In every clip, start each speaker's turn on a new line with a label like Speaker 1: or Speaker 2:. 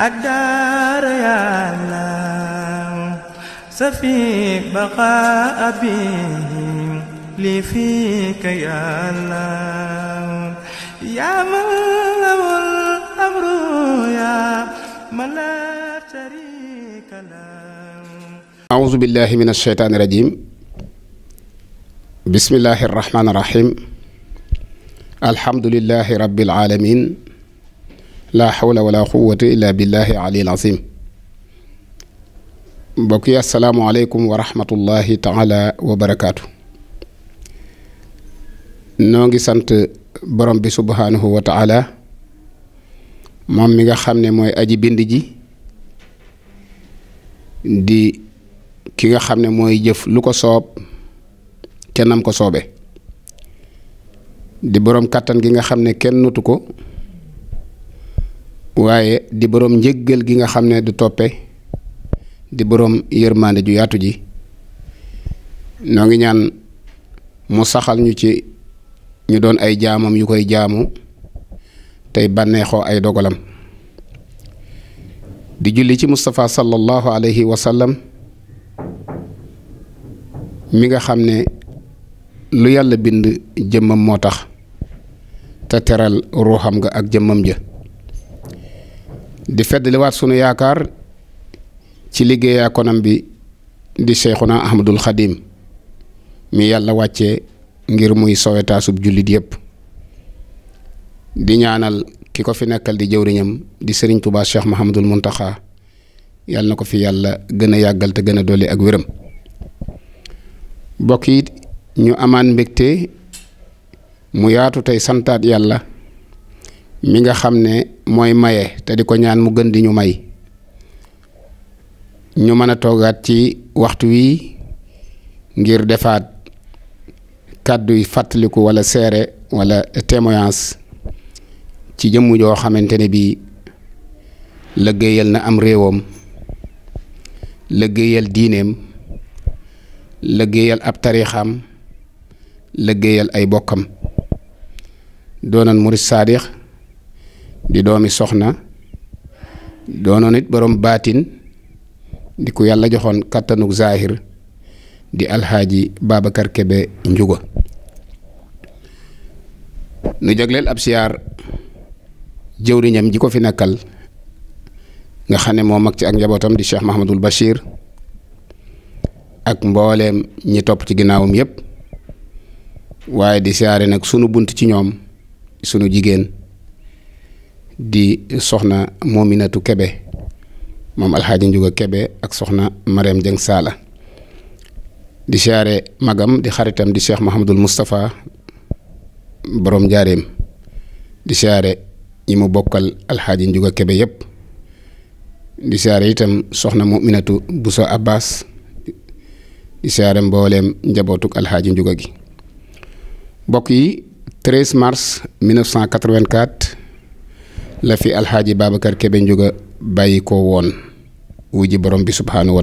Speaker 1: ak daara yàllaam safi baqa abihim li fika yaa man yaa man laa
Speaker 2: sharika lahu auzu billahi min asheytaani rajim bismillahi arrahmaani arrahim alhamdulillahi rabbil aalamiin laa xawla wala quwwata illa billahi alil azim mbokk yi asalaamualeykum wa rahmatullahi taala wa barakaatu noo ngi sant borom bi subhaanahu wa taala moom mi nga xam ne mooy aji bind ji di ki nga xam ne mooy jëf lu ko soob te ko soobe di borom kàttan gi nga xam ne kenn nutu ko waaye di boroom njëggal gi nga xam ne du toppe di boroom yërmande ju yaatu ji noo ngi ñaan mu saxal ñu ci ñu doon ay jaamam yu koy jaamu tey bànneexoo ay dogalam di julli ci Moustapha sallallahu alayhi wa sallam mi nga xam ne lu yàlla bind jëmmam moo tax te teral ruuxam nga ak jëmmam ja di feddliwaat sunu yaakaar ci liggéeya konam bi di Seexuna Ahmadul Xadim mi yàlla wàcce ngir muy sowetaasub jullit yépp di ñaanal ki ko fi nekkal di jëwriñam di sëriñ Tuubaa Cheikh Mahamadul Muntaxa yàlla na ko fi yàlla gën a yàggal te gën a dolli ak wéram bokk yi ñu amaan mbégte mu yaatu tey santaat yàlla mi nga xam ne mooy maye te di ko ñaan mu gën di ñu may ñu mën a toogaat ci waxtu wi ngir defaat kàddu yi fàttaliku walla seere walla témoignage ci jëmm joo xamante ne bii lëggéeyal na am réewam lëggéeyal diineem lëggéeyal ab tarixam lëggéeyal ay bokkam doonan murid saadix di doomi soxna doonoon it boroom baatin di ku yàlla joxoon kàttanuk zahir di alxaaji Babacar Kebe Njugo nu jagleel ab siyaar jëwriñam ji ko fi nekkal nga xam ne moo mag ci ak njabootam di Cheikh Mahamadul Bachir ak mbooleem ñi topp ci ginnaawam yépp waaye di siyaare nag sunu bunt ci ñoom sunu jigéen di soxna Mominatu Kebe moom alxaaji Njuga Kebe ak soxna Mariam Jeng Saala di siyaare magam di xaritam di Cheikh Mahamadul Moustapha borom njaareem di siyaare ñi mu bokkal alxaaji Njuga Kebe yépp di siyaare itam soxna Mominatu Buso Abbas di siyaare mbooleem njabootuk alxaaji Njuga gi mbokk yi 13 mars la fi alxaaji Babacar Kebe Njuga bàyyi ko woon wu ji borom bi subhaanahu wa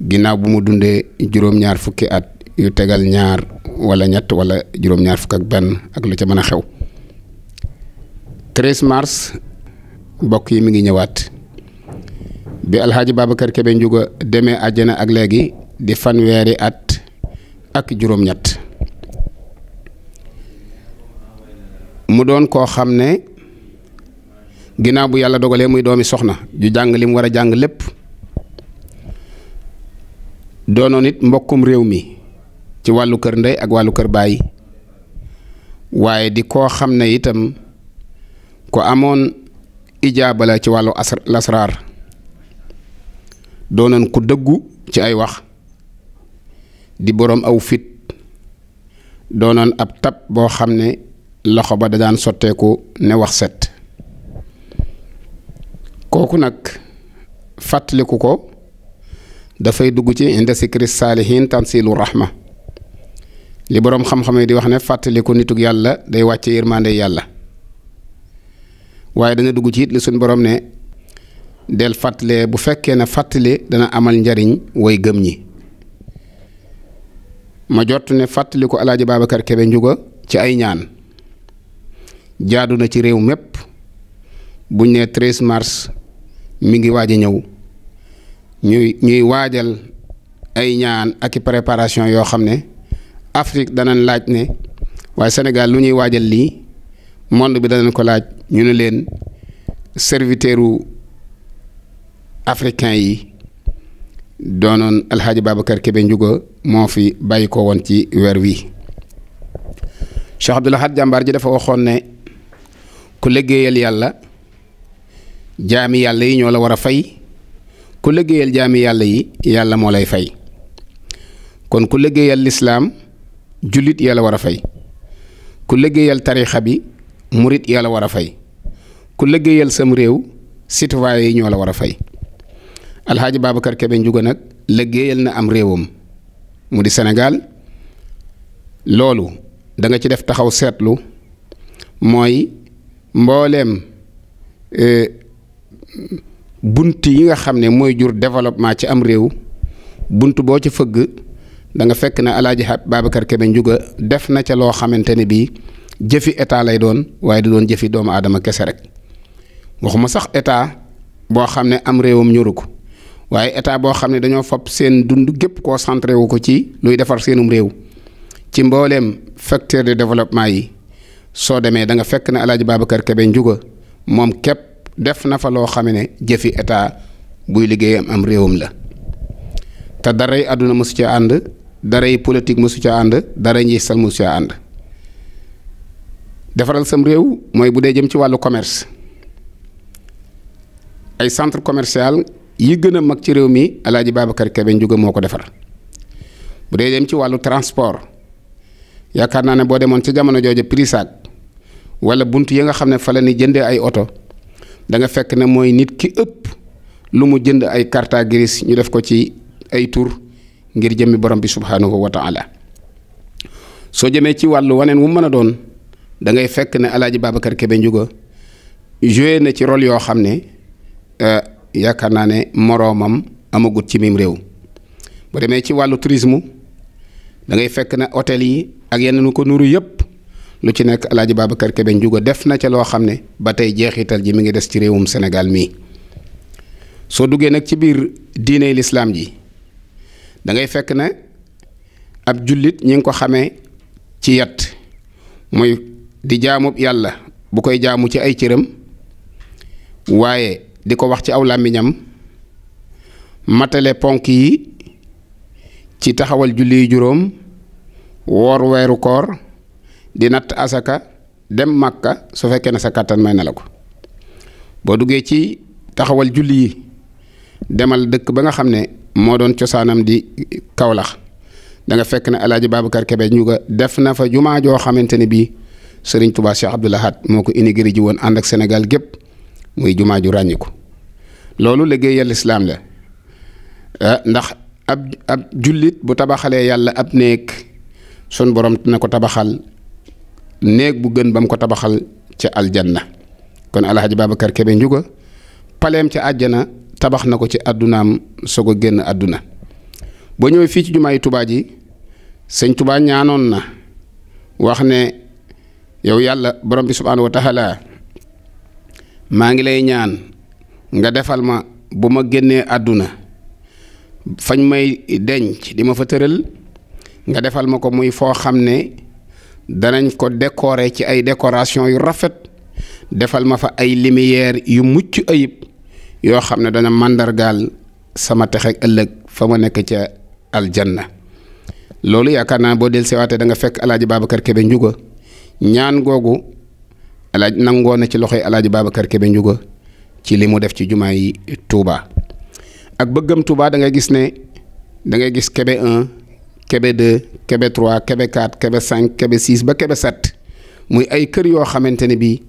Speaker 2: ginnaaw bu mu dundee juróom-ñaar fukki at yu tegal ñaar wala ñett wala juróom-ñaar fukk ak benn ak lu ca mën a xew 13 mars mbokk yi mu ngi ñëwaat bi alxaaji Babacar Kebe Njuga demee àjjana ak léegi di fanweeri at ak juróom-ñett mu doon koo xam ne ginnaaw bu yàlla dogalee muy doomi soxna ju jàng li mu war a jàng lépp doonoon it mbokkum réew mi ci wàllu kër ndey ak wàllu kër baay waaye di koo xam ne itam ko amoon ijaaba ci wàllu as lasraar doonoon ku dëggu ci ay wax di boroom aw fit doonoon ab tab boo xam ne loxo ba da daan sotteeku ne wax set kooku nag fàttaliku ko dafay dugg ci inda sikri saalihin tansilu rahma li boroom xam-xam yi di wax ne fàttaliku nitug yàlla day wàcce yërmande yàlla waaye dana dugg ci it li suñ borom ne del fàttalee bu fekkee na fàttali dana amal njariñ way gëm ñi ma jot ne fàttaliku alaaji Babacar Kebe njuga ci ay ñaan jaadu na ci réew mépp buñ ne 13 mars mi ngi waaj a ñëw ñuy ñuy waajal ay ñaan ak préparation yoo xam ne Afrique danañ laaj ne waaye Sénégal lu ñuy waajal lii monde bi danañ ko laaj ñu ne leen serviteuru africain yi doonoon Alxaaji Babacar Kébé Ndiouga moo fi bàyyi ko woon ci weer wi Cheikh Abdoul Ahad jàmbaar ji dafa waxoon ne ku liggéeyal yàlla jaami yàlla yi ñoo la war a fay ku liggéeyal jaami yàlla yi yàlla moo lay fay kon ku liggéeyal lislaam jullit yàlla war a fay ku liggéeyal tarixa bi murit yàlla war a fay ku liggéeyal sam réew citoyen yi ñoo la war a fay alxaaji Babacar Kebe Njuga nag liggéeyal na am réewam mu di Sénégal loolu danga ci def taxaw seetlu mooy mbooleem eh, bunt yi nga xam ne mooy jur développement ci am réew bunt boo ci fëgg danga fekk ne alaaji Babacar Kébé Ndiouga def na ca loo xamante ne bii jëfi état lay doon waaye du doon jëfi doomu aadama kese rek waxuma sax état boo xam ne am réewam ñoru ko waaye état boo xam ne dañoo fab seen dund gépp koo centré wu ko ci luy defar seenum réew ci mbooleem facteur de développement yi soo demee da nga fekk ne alaaji Babacar kebe njuga moom képp def na fa loo xame ne jëfi état buy liggéeyam am réewam la te daray àdduna mësu ca ànd dara yi politique mosu ca ànd daray njiital mosu ca ànd defaral sam réew mooy bu dee jëm ci wàllu commerce ay centre commerciale yi gën a mag ci réew mi Alaaji Babacar Kebe Njuga moo ko defar bu dee dem ci wàllu transport yaakaar naa ne boo demoon ci jamono jooja Prisac wala bunt yi nga xam ne fa la ni jëndee ay oto da nga fekk ne mooy nit ki ëpp lu mu jënd ay carte grise ñu def ko ci ay tur ngir jëmmi borom bi subhaanahu wa taala soo jëmee ci wàllu waneen wu mën a doon da ngay fekk ne alaaji Babacar Kébé Ndiouga joe na ci rôle yoo xam ne euh, yaakaar naa ne moroomam amagut ci miim réew bu demee ci wàllu tourisme da ngay fekk na otel yi ak yenn nu ko nuru yëpp lu ci nekk alaaji Babacar Kebe Ndiouga def na ca loo xam ne ba tey jeexital ji mi ngi des ci réewum senegal mii soo duggee nag ci biir diine lislaam ji dangay fekk ne ab jullit ñi ngi ko xamee ci yat muy di jaamub yàlla bu koy jaamu ci ay cëram waaye di ko wax ci aw làmmiñam matale ponk yi ci taxawal julli juróom woor weeru koor di natt asaka dem màkka su fekkee ne sa kàttan may na la ko boo duggee ci taxawal julli yi demal dëkk ba nga xam ne moo doon cosaanam di Kawlax danga nga fekk ne alaaji Babacar Kebe ñu def na fa jumaa joo xamante ne bii sëriñ Tuubaa Cheikh Abdoul moo ko inauguré ji woon ànd ak Sénégal gépp muy jumaa ju ràññiku loolu liggéeyal lislaam la eh, ndax ab ab jullit bu tabaxalee yàlla ab néeg sun borom na ko tabaxal néeg bu gën bam ko tabaxal ca aljana kon alhaji Babacar Kebe Njuga paleem ca àjjana tabax na ko ci àddunaam soog a génn àdduna boo ñëwee fii ci jumaay tubaa ji sëñ tubaa ñaanoon na wax ne yow yàlla borom bi subhaanahu wa maa ngi lay ñaan nga defal ma bu ma génnee àdduna fañ may denc di ma fa tëral nga defal ma ko muy foo xam ne danañ ko décorer ci ay décoration yu rafet defal ma fa ay lumière yu mucc ayib yoo xam ne dana màndargaal sama texe ëllëg fa ma nekk ca aljanna loolu yaakaar naa boo del sewaatee da nga fekk alaaji Babacar Kebe Njuga ñaan googu alaaj nangoo na ci loxoy alaaji Babacar Kebe Njuga ci li mu def ci jumaa yi Touba ak bëggam Touba da gis ne da gis Kebe 1 Kébé de Kébé 3 Kébé 4 Kébé 5 Kébé 6 ba Kébé 7 muy ay kër yoo xamante ne bii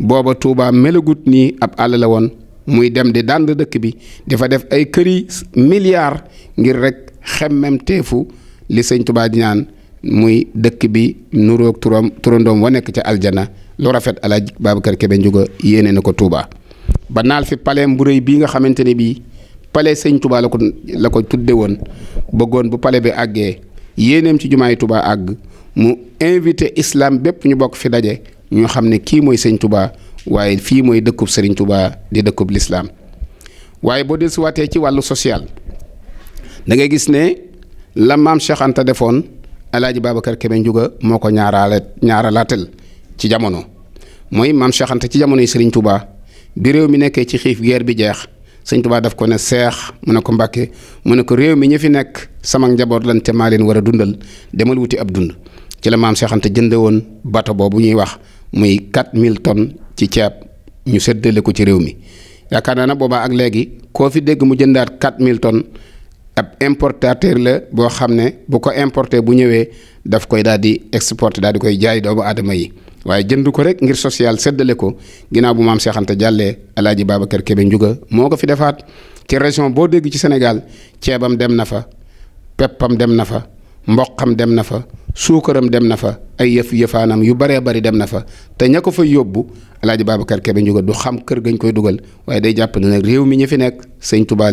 Speaker 2: booba Touba melagut nii ab àll la woon muy dem di dànd dëkk bi dafa def ay këri milliards ngir rek xemmem teefu li sëñ Touba di ñaan muy dëkk bi nuroog turam turandoom wa nekk ca aljana lu rafet Alaaji Babacar kebe Ndiouga yéene na ko Touba ba naal fi paleem bu bii nga xamante bii. palais sëñ tubaa la ko ko tudde woon bëggoon bu palais bi àggee yéeneem ci jumaay Touba àgg mu invité islaam bépp ñu bokk fi daje ñu xam ne kii mooy sëñ Touba waaye fii mooy dëkkub sëriñ Touba di dëkkub lislaam waaye boo dellusiwaatee ci wàllu social dangay gis ne la maam Cheikh Anta defoon alaaji Babacar Kebe Njuga moo ko ñaaraale ñaaralaatal ci jamono mooy maam Cheikh ci jamonoy sëriñ Touba bi réew mi nekkee ci xiif guerre bi jeex sëñ Tuubaa daf ko ne seex mu ne ko mbàkke mu ne ko réew mi ñu fi nekk sama njaboot lan te maa leen war a dundal demal wuti ab dund ci la maam Seex Anta woon bato boobu ñuy wax muy 4000 tonnes ci ceeb ñu séddale ko ci réew mi yaakaar naa ne boobaa ak léegi koo fi dégg mu jëndaat 4000 tonnes ab importateur la boo xam ne bu ko importé bu ñëwee daf koy daal di exporté daal di koy jaay doomu aadama yi. waaye jënd ko rek ngir social seddale ko ginaaw bu maam Cheikh Anta Jàllee alaaji Babacar Kébé Ndiouga moo ko fi defaat ci région boo dégg ci Sénégal ceebam dem na fa peppam dem na fa mboqam dem na fa suukaram dem na fa ay yëf yëfaanam yu baree bari dem na fa te ña ko fa yóbbu alaaji Babacar Kebe Ndiouga du xam kër gañ koy dugal waaye day jàpp ne nag réew mi ñu fi nekk sëñ Tuubaa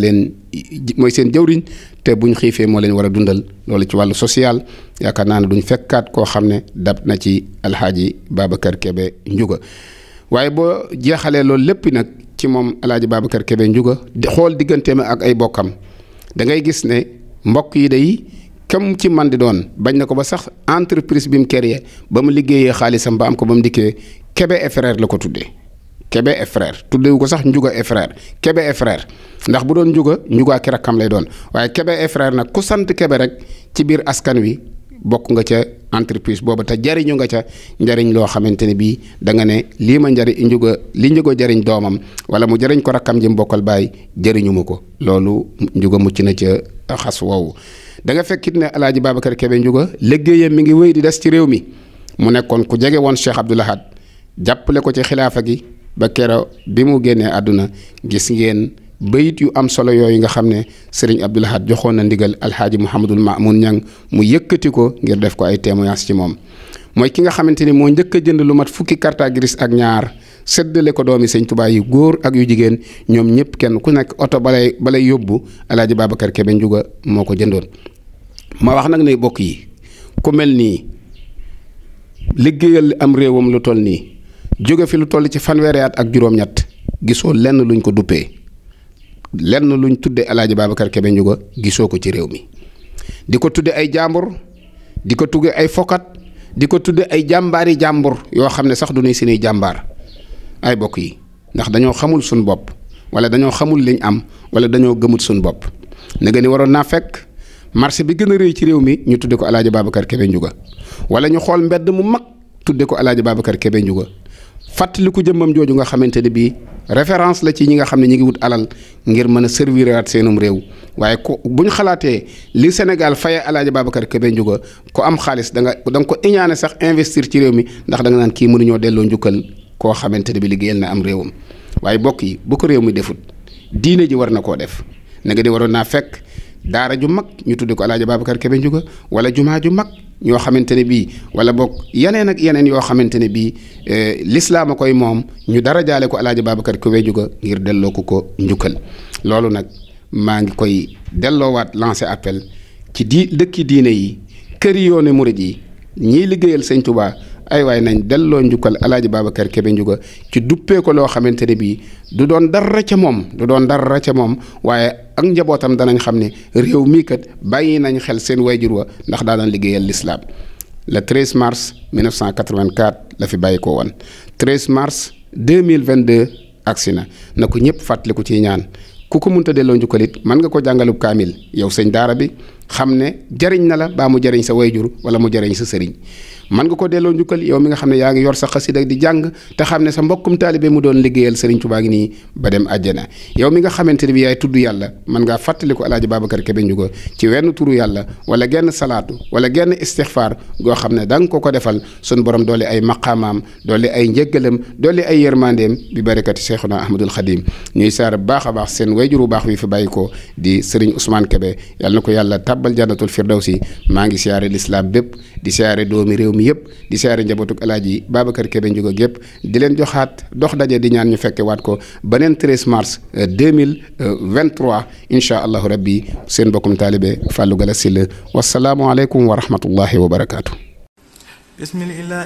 Speaker 2: mooy seen jëwriñ te buñ xiifee moo leen war a dundal loolu ci wàllu social yaakaar naa ne duñ fekkaat koo xam ne dab na ci alxaaji Babacar Kebe njuga waaye boo jeexalee loolu lépp nag ci moom alaaji Babacar Kebe njuga di xool digganteem ak ay bokkam da gis ne mbokk yi day kam ci man di doon bañ na ko ba sax entreprise bi mu créé ba mu liggéeyee xaalisam ba am ko ba mu dikkee Kébé et la ko tuddee kebe et frère tuddewu ko sax Ndiouga et kebe Kébé ndax bu doon Ndiouga Ndiouga ak rakkam lay doon waaye kebe et frère nag ku sant kebe rek ci biir askan wi bokk nga ca. entreprise booba te jariñu nga ca njariñ loo xamante ne bii danga ne lii ma njari njuga li njugo jariñ doomam wala mu jariñ ko rakkam ji mbokkal baay jariñu ma ko loolu njuga mucc na ca xas woowu da nga fekkit ne alaaji Babacar Kebe njuga liggéeyam mi ngi wéy di des ci réew mi mu nekkoon ku jege woon Cheikh Abdoul Ahad jàppale ko ci xilaafa gi ba kero bi mu génnee àdduna gis ngeen bayit yu am solo yooyu nga xam ne sëriñ Abdul Ahad joxoon na ndigal alxaaji Mouhamadul Mamoun Ñang mu yëkkati ko ngir def ko ay témoignage ci moom mooy ki nga xamante ni moo njëkk a jënd lu mat fukki karta gris ak ñaar séddale ko doomi sëñ Tuubaa yu góor ak yu jigéen ñoom ñëpp kenn ku nekk oto balay balay yóbbu alaaji Babacar Kebe Njuga moo ko jëndoon ma wax nag ne bokk yi ku mel nii liggéeyal li am réewam lu toll nii jóge fi lu toll ci fanweeri ak juróom gisoo lenn luñ ko duppee lenn lu luñ tudde alaaji Babacar Kebe Ndiouga gisoo ko ci réew mi di ko tuddee ay jàmbur di ko tugge ay fokat di ko tudde ay jàmbaari jàmbur yoo xam ne sax du ñuy seeni jàmbaar ay bokk yi ndax dañoo xamul suñ bopp wala dañoo xamul liñ am wala dañoo gëmut suñ bopp na nga waroon naa fekk marché bi gën a rëy ci réew mi ñu tuddee ko alaaji Babacar Kebe Ndiouga wala ñu xool mbedd mu mag tuddee ko alaaji Babacar Kebe Ndiouga fàttaliku jëmmam jooju nga xamante ne bii référence la ci ñi nga xam ne ñu ngi wut alal ngir mën a servir waat seenum réew waaye ko bu ñu xalaatee li Sénégal faye Alaaji Babacar Kébé Ndiouga ko am xaalis da nga da nga ko iñaane sax investir ci réew mi ndax danga nga kii mënuñoo delloo njukkal koo xamante ne bi liggéeyal na am réewam waaye bokk yi bu ko réew mi defut diine ji war na koo def na di waroon naa fekk daara ju mag ñu tudd ko alaaji Babacar Kebe Njuga wala jumaa ju mag ñoo xamante ne bii wala boog yeneen ak yeneen yoo xamante ne bii eh, lislaam a koy moom ñu dara jaale ko alaaji Babacar Kebe Njuga ngir delloo ko ko njukkal loolu nag maa ngi koy delloowaat lancé appel ci di dëkki diine yi kër yi yoone murid yi ñiy liggéeyal sëñ Tuubaa ay waay nañ delloo njukkal alaaji Babacar Kébé Ndiouga ci duppee ko loo xamante ne bii du doon dara ca moom du doon dara ca moom waaye ak njabootam danañ xam ni réew mii kat bàyyi nañ xel seen wayjur wa ndax daa daan liggéeyal lislaam le 13 mars 1984 la fi bàyyi ko woon mille vingt deux agsi na na ko ñëpp fàttaliku ci ñaan ku ko munta delloo njukkal it mën nga ko jàngalub kaamil yow sëñ daara bi xam ne jariñ na la ba mu jariñ sa wayjur wala mu jariñ sa sëriñ man nga ko delloo njukkal yow mi nga xam ne yaa ngi yor sa xasida di jàng te xam ne sa mbokkum taalibe mu doon liggéeyal sëriñ Tuubaa ngi nii ba dem àjjana yow mi nga xamante ne bi yaay tudd yàlla man ngaa fàttaliku alaaji Babacar Kebe Njuga ci wenn turu yàlla wala genn salaatu wala genn istixfaar goo xam ne da nga ko ko defal sun borom doole ay maqaamaam doole ay njëggalam doole ay yërmandeem bi barakati Seexuna Ahmadul Xadim ñuy saar baax a baax seen wayjuru baax wi fi bàyyi ko di sëriñ Ousmane Kebe yàlla na tàbbal jannatul firdawsi maa ngi siyaare lislaam bépp di siyaare doomi réew mi yëpp di siyaare njabootug alaaji Babacar Kébé Ndiouga yëpp di leen joxaat dox daje di ñaan ñu fekke waat ko beneen 13 mars 2023 euh, euh, incha allahu rabbi seen bokkum taalibe Fallou a Syll wassalaamu aleykum wa rahmatullahi wa barakaatu.
Speaker 1: bismillah.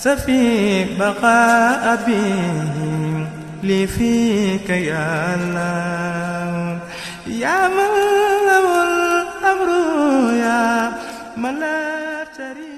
Speaker 1: سفيك بقاء أبيهم لي فيك يا الله يا من له الأمر يا من لا تريد